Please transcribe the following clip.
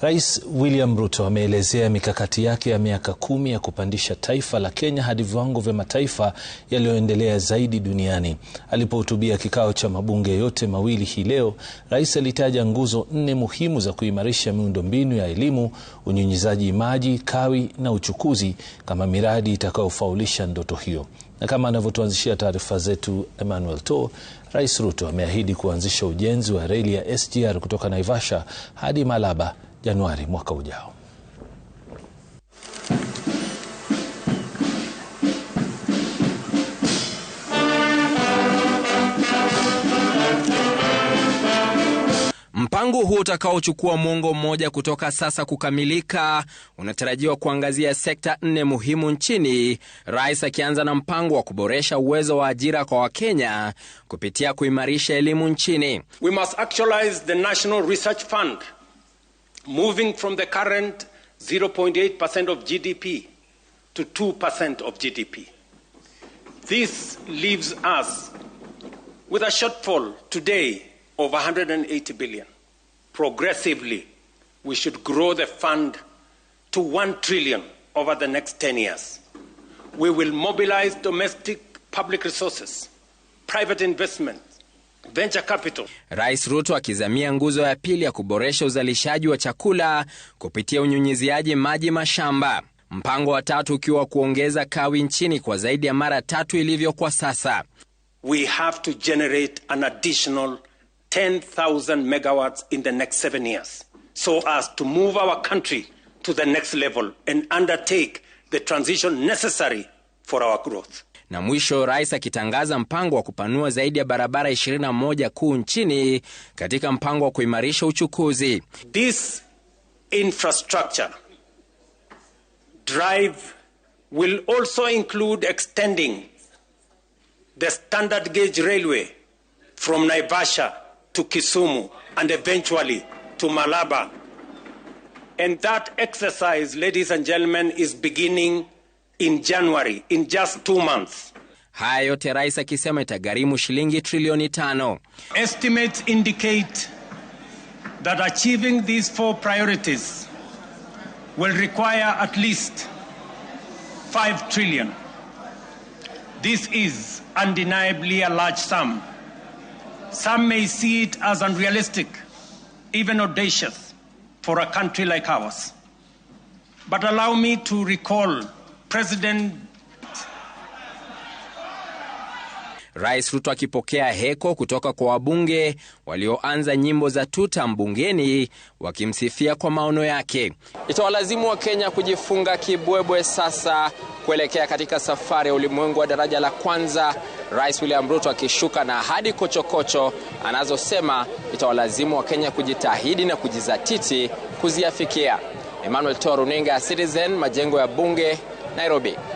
Rais William Ruto ameelezea mikakati yake ya miaka kumi ya kupandisha taifa la Kenya hadi viwango vya mataifa yaliyoendelea zaidi duniani. Alipohutubia kikao cha mabunge yote mawili hii leo, rais alitaja nguzo nne muhimu za kuimarisha miundombinu ya elimu, unyunyizaji maji, kawi na uchukuzi kama miradi itakayofaulisha ndoto hiyo. Na kama anavyotuanzishia taarifa zetu Emmanuel To, Rais Ruto ameahidi kuanzisha ujenzi wa reli ya SGR kutoka Naivasha hadi Malaba Januari mwaka ujao. Mpango huo utakaochukua mwongo mmoja kutoka sasa kukamilika unatarajiwa kuangazia sekta nne muhimu nchini, rais akianza na mpango wa kuboresha uwezo wa ajira kwa Wakenya kupitia kuimarisha elimu nchini. We must actualize the National Research Fund. moving from the current 0.8% of GDP to 2% of GDP. This leaves us with a shortfall today of 180 billion. Progressively, we should grow the fund to 1 trillion over the next 10 years. We will mobilize domestic public resources, private investment, Venture capital. Rais Ruto akizamia nguzo ya pili ya kuboresha uzalishaji wa chakula kupitia unyunyiziaji maji mashamba, mpango wa tatu ukiwa kuongeza kawi nchini kwa zaidi ya mara tatu ilivyo kwa sasa. We have to generate an additional 10,000 megawatts in the next seven years so as to move our country to the next level and undertake the transition necessary for our growth. Na mwisho rais akitangaza mpango wa kupanua zaidi ya barabara 21 kuu nchini katika mpango wa kuimarisha uchukuzi. This infrastructure drive will also include extending the standard gauge railway from Naivasha to Kisumu and eventually to Malaba. And that exercise, ladies and gentlemen, is beginning in January, in just two months. Haya yote rais akisema itagharimu shilingi trilioni tano. Estimates indicate that achieving these four priorities will require at least 5 trillion. This is undeniably a large sum. Some may see it as unrealistic, even audacious, for a country like ours. But allow me to recall President... Rais Ruto akipokea heko kutoka kwa wabunge walioanza nyimbo za tuta mbungeni wakimsifia kwa maono yake. Itawalazimu wa Kenya kujifunga kibwebwe sasa kuelekea katika safari ya ulimwengu wa daraja la kwanza, Rais William Ruto akishuka na ahadi kochokocho anazosema itawalazimu wa Kenya kujitahidi na kujizatiti kuziafikia. Emmanuel Toro, runinga ya Citizen, majengo ya bunge. Nairobi.